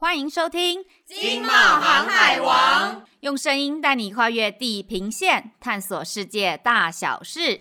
歡迎收聽《經貿航海王》，用聲音帶你跨越地平線，探索世界大小事。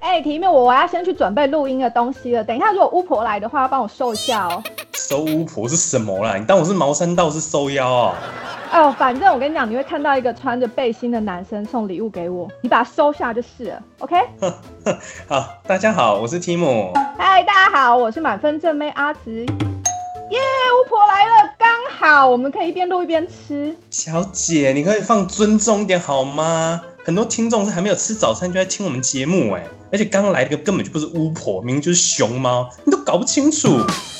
哎，婷妹，我我要先去準備錄音的東西了。等一下，如果巫婆來的話，要幫我收一下哦。收巫婆是什麼啦？你當我是茅山道士收妖啊？哦，反正我跟你講，你會看到一個穿着背心的男生送禮物給我，你把它收下就是了。OK 。好，大家好，我是 Tim。嗨，大家好，我是滿分正妹阿慈。耶、yeah,，巫婆來了，剛好我們可以一邊錄一邊吃。小姐，你可以放尊重一點好嗎？很多聽眾是還沒有吃早餐就在聽我們節目哎、欸。而且剛剛來的個根本就不是巫婆，明明就是熊貓，你都搞不清楚。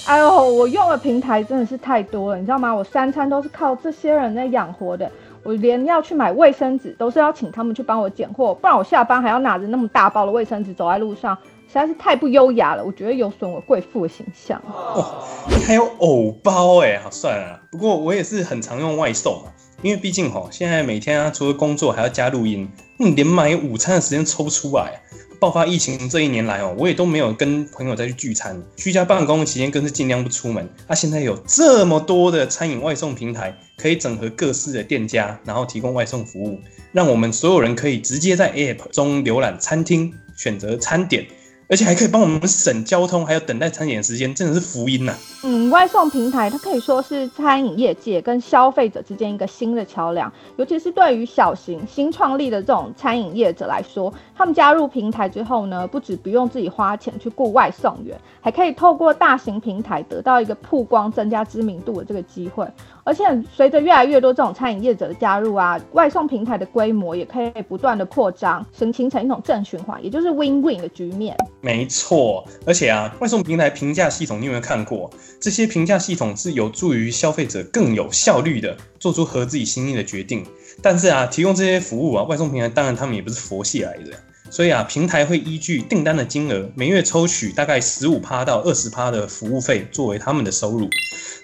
哎呦，我用的平台真的是太多了，你知道嗎？我三餐都是靠這些人在養活的，我連要去買衛生紙都是要請他們去幫我撿貨，不然我下班還要拿着那麼大包的衛生紙走在路上，實在是太不優雅了，我覺得有損我貴婦的形象。哦，還有偶包哎、欸，好算了啦，不過我也是很常用外送嘛，因為畢竟吼，現在每天啊，除了工作還要加錄音，你連買午餐的時間抽不出來。爆發疫情這一年來哦，我也都沒有跟朋友再去聚餐，居家辦公的期間更是盡量不出門。那、啊、現在有這麼多的餐飲外送平台，可以整合各式的店家，然後提供外送服務，讓我們所有人可以直接在 App 中瀏覽餐廳，選擇餐點。而且還可以幫我們省交通，還有等待餐飲的時間，真的是福音吶、啊！嗯，外送平台它可以說是餐飲業界跟消費者之間一個新的橋樑，尤其是對於小型新創立的這種餐飲業者來說，他們加入平台之後呢，不只不用自己花錢去雇外送員，還可以透過大型平台得到一個曝光、增加知名度的這個機會。而且隨着越來越多這種餐飲業者的加入啊，外送平台的規模也可以不斷的擴張，形成一種正循環，也就是 win-win 的局面。沒錯，而且啊，外送平台評價系統，你有沒有看過？這些評價系統是有助於消費者更有效率的做出合自己心意的決定。但是啊，提供這些服務啊，外送平台當然他們也不是佛系來的。所以啊，平台會依據訂單的金額，每月抽取大概十五趴到二十趴的服務費作為他們的收入。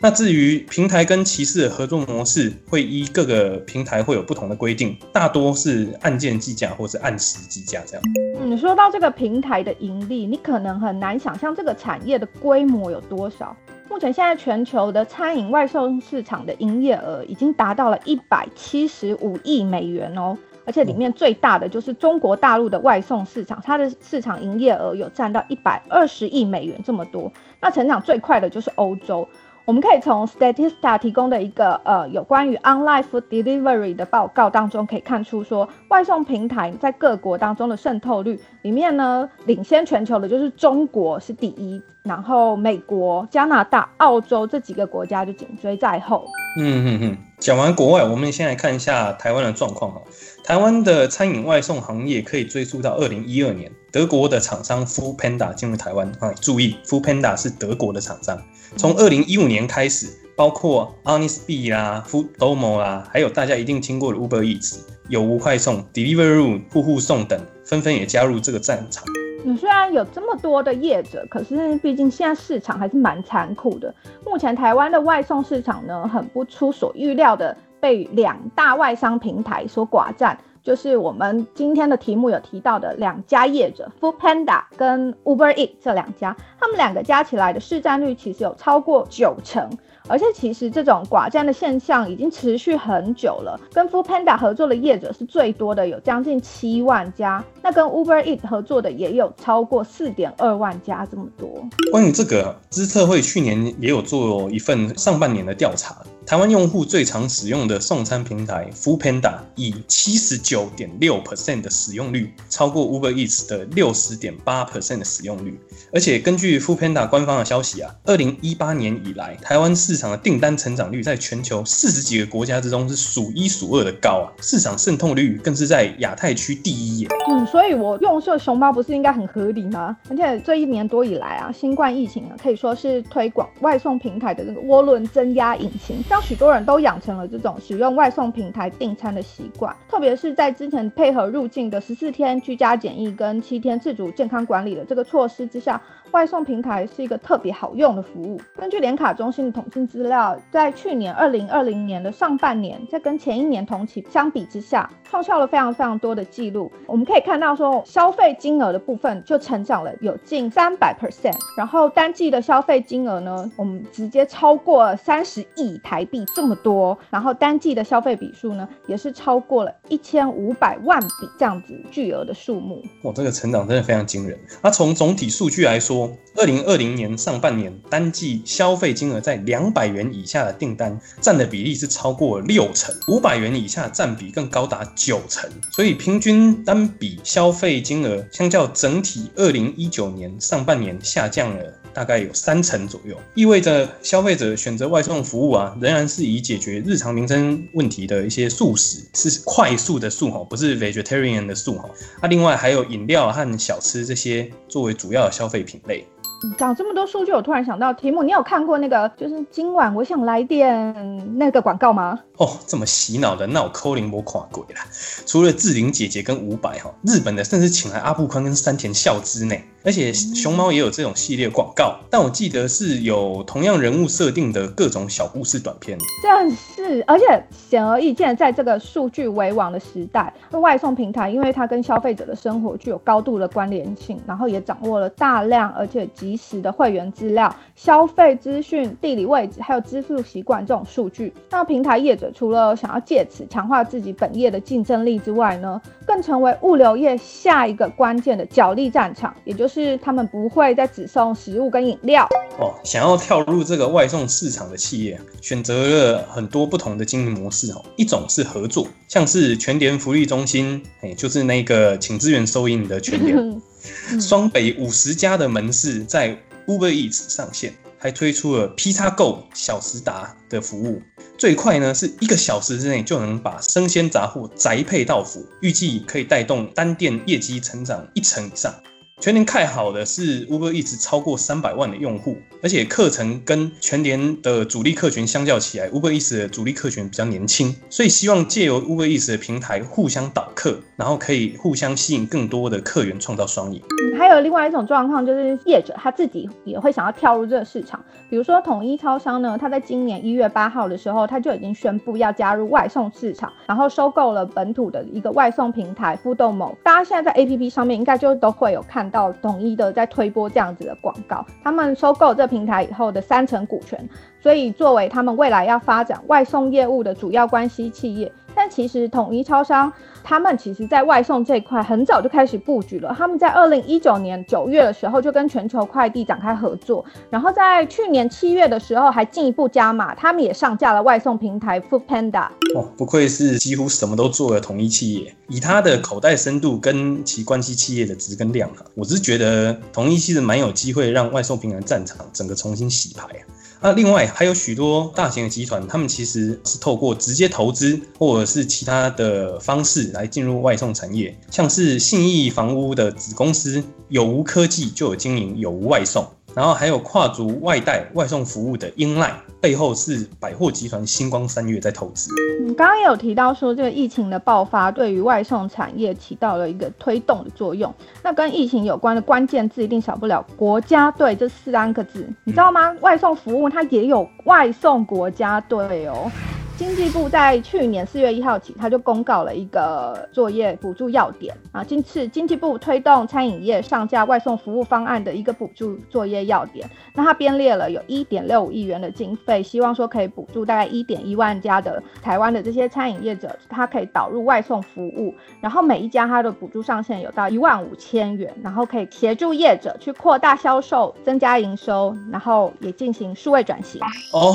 那至於平台跟騎士的合作模式，會依各個平台會有不同的規定，大多是按件計價或是按時計價這樣，嗯。你說到這個平台的盈利，你可能很難想象這個產業的規模有多少。目前現在全球的餐飲外送市場的營業額已經達到了一百七十五億美元哦。而且裡面最大的就是中國大陸的外送市場，它的市場營業額有佔到一百二十億美元這麼多。那成長最快的就是歐洲。我們可以從 Statista 提供的一個呃有關於 Online Food Delivery 的報告當中可以看出說，外送平台在各國當中的滲透率裡面呢，領先全球的就是中國是第一，然後美國、加拿大、澳洲這幾個國家就緊追在後。嗯嗯嗯。講完國外，我們先來看一下台灣的狀況哈。台灣的餐飲外送行業可以追溯到二零一二年，德國的廠商 Foodpanda 進入台灣。啊，注意 Foodpanda 是德國的廠商。從二零一五年開始，包括 honestbee 啦、Foodomo 啦，還有大家一定聽過的 Uber Eats、有無快送、Deliveroo、戶戶送等，紛紛也加入這個戰場。嗯，雖然有這麼多的業者，可是畢竟現在市場還是蠻殘酷的。目前台灣的外送市場呢，很不出所預料的，被兩大外商平台所寡占，就是我們今天的題目有提到的兩家業者，Foodpanda 跟 Uber Eats 這兩家，他們兩個加起來的市占率其實有超過九成。而且其實這種寡占的現象已經持續很久了。跟 Foodpanda 合作的業者是最多的，有將近七萬家。那跟 Uber Eats 合作的也有超過四點二萬家這麼多。關於這個，資策會去年也有做一份上半年的調查，台灣用戶最常使用的送餐平台 Foodpanda 以七十九點六 percent 的使用率，超過 Uber Eats 的六十點八 percent 的使用率。而且根據 Foodpanda 官方的消息啊，二零一八年以來，台灣市市場的訂單成長率在全球四十幾個國家之中是數一數二的高啊，市場滲透率更是在亞太區第一耶。嗯，所以我用這熊貓不是應該很合理嗎？而且這一年多以來啊，新冠疫情啊，可以說是推廣外送平台的那個渦輪增壓引擎，讓許多人都養成了這種使用外送平台訂餐的習慣。特別是在之前配合入境的十四天居家檢疫跟七天自主健康管理的這個措施之下，外送平台是一個特別好用的服務。根據聯卡中心的統計。資料在去年二零二零年的上半年，在跟前一年同期相比之下，創下了非常非常多的記錄。我們可以看到說，消費金額的部分就成長了有近三百 percent，然後單季的消費金額呢，我們直接超過三十億台幣這麼多，然後單季的消費筆數呢，也是超過了一千五百萬筆這樣子巨額的數目。哇、哦，這個成長真的非常驚人。那、啊、從總體數據來說，二零二零年上半年單季消費金額在兩百。百元以下的訂單占的比例是超過六成，五百元以下占比更高達九成，所以平均單筆消費金額相較整體二零一九年上半年下降了大概有三成左右，意味着消費者選擇外送服務啊，仍然是以解決日常民生問題的一些速食是快速的速哈，不是 vegetarian 的素哈，那另外還有飲料和小吃這些作為主要的消費品類。講這麼多數據，我突然想到題目，你有看過那個就是今晚我想來點那個廣告嗎？哦，這麼洗腦的，那我摳零我垮鬼了。除了志玲姐姐跟伍佰哈，日本的甚至請來阿部寬跟山田孝之呢。而且熊貓也有這種系列廣告，但我記得是有同樣人物設定的各種小故事短片。正是，而且顯而易見，在這個數據為王的時代，外送平台因為它跟消費者的生活具有高度的關聯性，然後也掌握了大量而且及時的會員資料、消費資訊、地理位置還有支付習慣這種數據。那平台業者除了想要借此強化自己本業的競爭力之外呢，更成為物流業下一個關鍵的角力戰場，也就是。就是他們不會再只送食物跟飲料哦。想要跳入這個外送市場的企業，選擇了很多不同的經營模式哦。一種是合作，像是全聯福利中心，欸，就是那個請支援收銀的全聯，雙 北五十家的門市在 Uber Eats 上線，還推出了 PX Go 小時達的服務，最快呢是一個小時之內就能把生鮮雜貨宅配到府，預計可以帶動單店業績成長一成以上。全聯看好的是 Uber Eats 超過三百萬的用戶，而且課程跟全聯的主力客群相較起來，Uber Eats 的主力客群比較年輕，所以希望借由 Uber Eats 的平台互相導客，然後可以互相吸引更多的客源，創造雙贏。還有另外一種狀況，就是業者他自己也會想要跳入這個市場。比如說統一超商呢，它在今年一月八號的時候，它就已經宣布要加入外送市場，然後收購了本土的一個外送平台 Foodomo。大家現在在 APP 上面應該就都會有看到統一的在推播這樣子的廣告。他們收購這平台以後的三成股權，所以作為他們未來要發展外送業務的主要關係企業。其實統一超商，他們其實，在外送這塊很早就開始布局了。他們在二零一九年九月的時候，就跟全球快遞展開合作，然後在去年七月的時候，還進一步加碼，他們也上架了外送平台 Food Panda。哦，不愧是幾乎什麼都做的統一企業，以他的口袋深度跟其關係企業的值跟量啊，我是覺得統一其實蠻有機會讓外送平台的戰場整個重新洗牌啊。那另外還有許多大型的集團，他們其實是透過直接投資或者是是其他的方式來進入外送產業，像是信義房屋的子公司有無科技就有經營有無外送，然後還有跨足外帶外送服務的 inline，背後是百貨集團新光三越在投資。你剛剛有提到說這個疫情的爆發對於外送產業起到了一個推動的作用，那跟疫情有關的關鍵字一定少不了國家隊這四三個字、嗯，你知道嗎？外送服務它也有外送國家隊哦。經濟部在去年四月一號起，他就公告了一個作業補助要點啊。今次經濟部推動餐飲業上架外送服務方案的一個補助作業要點，那它編列了有一點六五億元的經費，希望說可以補助大概一點一萬家的台灣的這些餐飲業者，他可以導入外送服務，然後每一家它的補助上限有到一萬五千元，然後可以協助業者去擴大銷售，增加營收，然後也進行數位轉型。哦，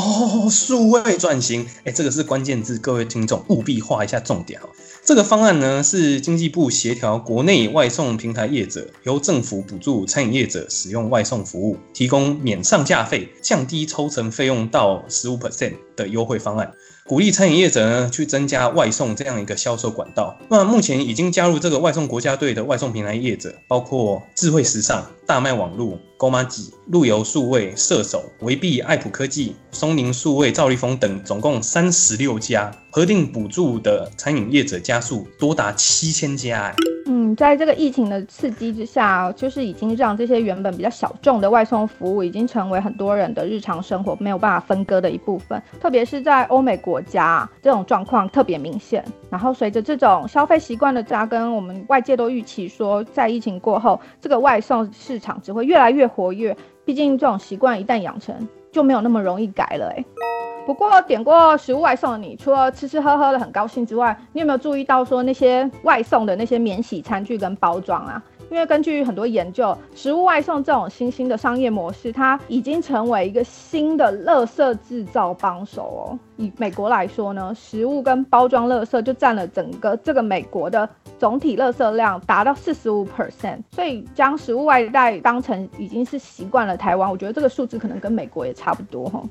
數位轉型，哎，這個。是關鍵字，各位聽眾務必畫一下重點哦。這個方案呢，是經濟部協調國內外送平台業者，由政府補助餐飲業者使用外送服務，提供免上架費、降低抽成費用到十五 percent 的優惠方案，鼓勵餐飲業者呢去增加外送這樣一個銷售管道。那目前已經加入這個外送國家隊的外送平台業者，包括智慧時尚、大麥網路、波馬吉、陸游數位、射手、維碧、愛普科技、松寧數位、趙立峰等，總共三十六家核定補助的餐飲業者，家數多達七千家。嗯，在這個疫情的刺激之下，就是已經讓這些原本比較小眾的外送服務，已經成為很多人的日常生活沒有辦法分割的一部分。特別是在歐美國家，這種狀況特別明顯。然後隨着這種消費習慣的扎根，我們外界都預期說，在疫情過後，這個外送市場只會越來越活躍，畢竟這種習慣一旦養成就沒有那麼容易改了誒。不過點過食物外送的你，除了吃吃喝喝的很高興之外，你有沒有注意到說那些外送的那些免洗餐具跟包裝啊？因為根據很多研究，食物外送這種新興的商業模式，它已經成為一個新的垃圾制造幫手哦、喔。以美國來說呢，食物跟包裝垃圾就占了整個這個美國的總體垃圾量，達到四十五 percent。所以將食物外帶當成已經是習慣了台灣，我覺得這個數字可能跟美國也差不多哈。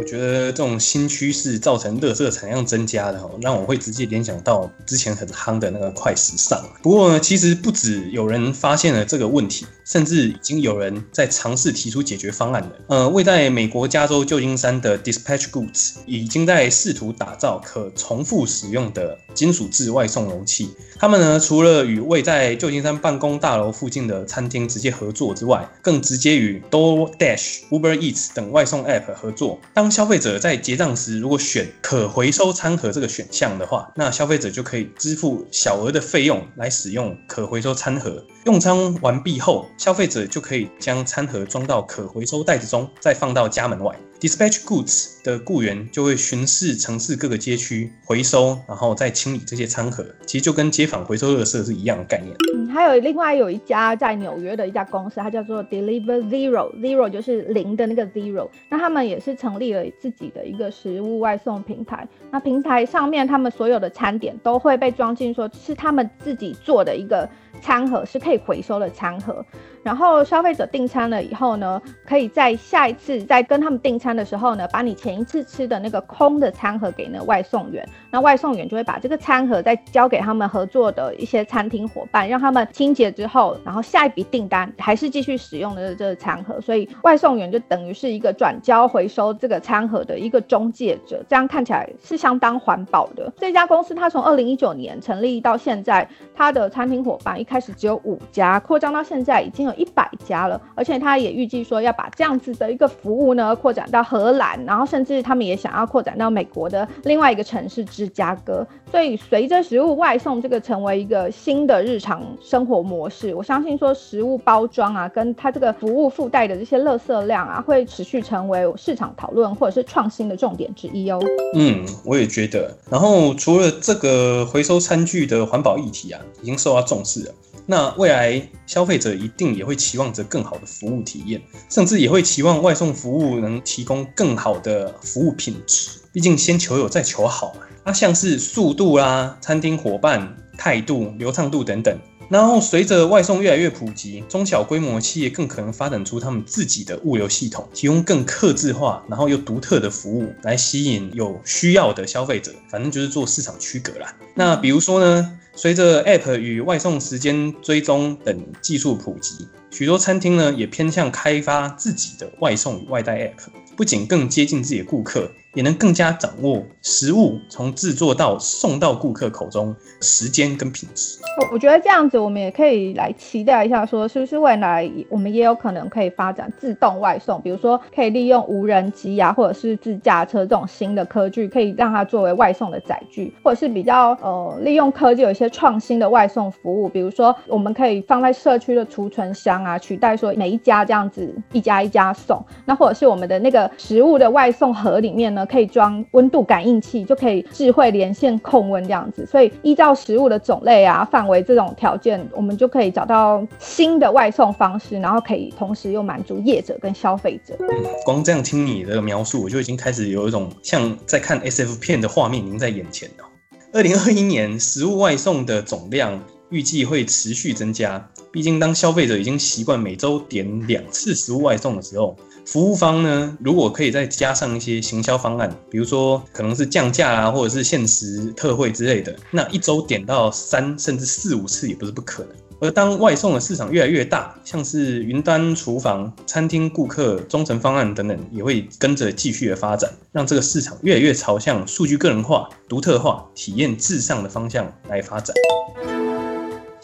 我覺得這種新趨勢造成垃圾產量增加的哈，那我會直接聯想到之前很夯的那個快時尚。不過呢，其實不止有人發現了這個問題，甚至已經有人在嘗試提出解決方案了。呃，位在美國加州舊金山的 Dispatch Goods 已經。在試圖打造可重複使用的金屬制外送容器，他們呢除了與位在舊金山辦公大樓附近的餐廳直接合作之外，更直接與 DoorDash、Uber Eats 等外送 App 合作。當消費者在結賬時，如果選可回收餐盒這個選項的話，那消費者就可以支付小額的費用來使用可回收餐盒。用餐完畢後，消費者就可以將餐盒裝到可回收袋子中，再放到家門外。Dispatch Goods 的僱員就會巡視城市各個街區回收，然後再清理這些餐盒，其實就跟街坊回收垃圾是一樣的概念。還有另外有一家在紐約的一家公司，它叫做 Deliver Zero，Zero Zero 就是零的那個 Zero。那他們也是成立了自己的一個食物外送平台。那平台上面他們所有的餐點都會被裝進說，是他們自己做的一個餐盒，是可以回收的餐盒。然後消費者訂餐了以後呢，可以在下一次再跟他們訂餐的時候呢，把你前一次吃的那個空的餐盒給那外送員，那外送員就會把這個餐盒再交給他們合作的一些餐廳夥伴，讓他們。清潔之後，然後下一筆訂單還是繼續使用的這個餐盒，所以外送員就等於是一個轉交回收這個餐盒的一個中介者，這樣看起來是相當環保的。這家公司它從二零一九年成立到現在，它的餐廳夥伴一開始只有五家，擴張到現在已經有一百家了，而且它也預計說要把這樣子的一個服務呢擴展到荷蘭，然後甚至他們也想要擴展到美國的另外一個城市芝加哥。所以隨着食物外送這個成為一個新的日常生活模式，我相信說食物包裝啊，跟它這個服務附帶的這些垃圾量啊，會持續成為市場討論或者是創新的重點之一哦。嗯，我也覺得。然後除了這個回收餐具的環保議題啊，已經受到重視了。那未來消費者一定也會期望着更好的服務體驗，甚至也會期望外送服務能提供更好的服務品質。畢竟先求有再求好嘛。啊，像是速度啊、餐廳夥伴態度、流暢度等等。然後隨着外送越來越普及，中小規模企業更可能發展出他們自己的物流系統，提供更客製化、然後又獨特的服務來吸引有需要的消費者。反正就是做市場區隔啦。那比如說呢，隨着 App 與外送時間追蹤等技術普及，許多餐廳呢也偏向開發自己的外送與外帶 App。不僅更接近自己的顧客，也能更加掌握食物從製作到送到顧客口中時間跟品質。我我覺得這樣子，我們也可以來期待一下，說是不是未來我們也有可能可以發展自動外送，比如說可以利用無人機啊，或者是自駕車這種新的科技，可以讓它作為外送的載具，或者是比較呃利用科技有一些創新的外送服務，比如說我們可以放在社區的儲存箱啊，取代說每一家這樣子一家一家送，那或者是我們的那個。食物的外送盒裡面呢，可以裝溫度感應器，就可以智慧連線控溫這樣子。所以，依照食物的種類啊、範圍這種條件，我們就可以找到新的外送方式，然後可以同時又滿足業者跟消費者。嗯，光這樣聽你的描述，我就已經開始有一種像在看 SF 片的畫面已經在眼前了。二零二一年食物外送的總量預計會持續增加。畢竟，當消費者已經習慣每周點兩次食物外送的時候，服務方呢，如果可以再加上一些行銷方案，比如說可能是降價啊，或者是限時特惠之類的，那一周點到三甚至四五次也不是不可能。而當外送的市場越來越大，像是雲端廚房、餐廳顧客忠誠方案等等，也會跟着繼續的發展，讓這個市場越來越朝向數據個人化、獨特化、體驗至上的方向來發展。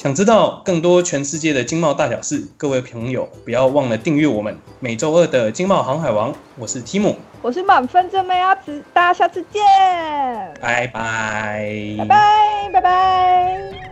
想知道更多全世界的經貿大小事，各位朋友不要忘了訂閱我們每周二的《經貿航海王》，我是 Timo。我是提姆，我是滿分，就醬子，大家下次見，拜拜，拜拜，拜拜。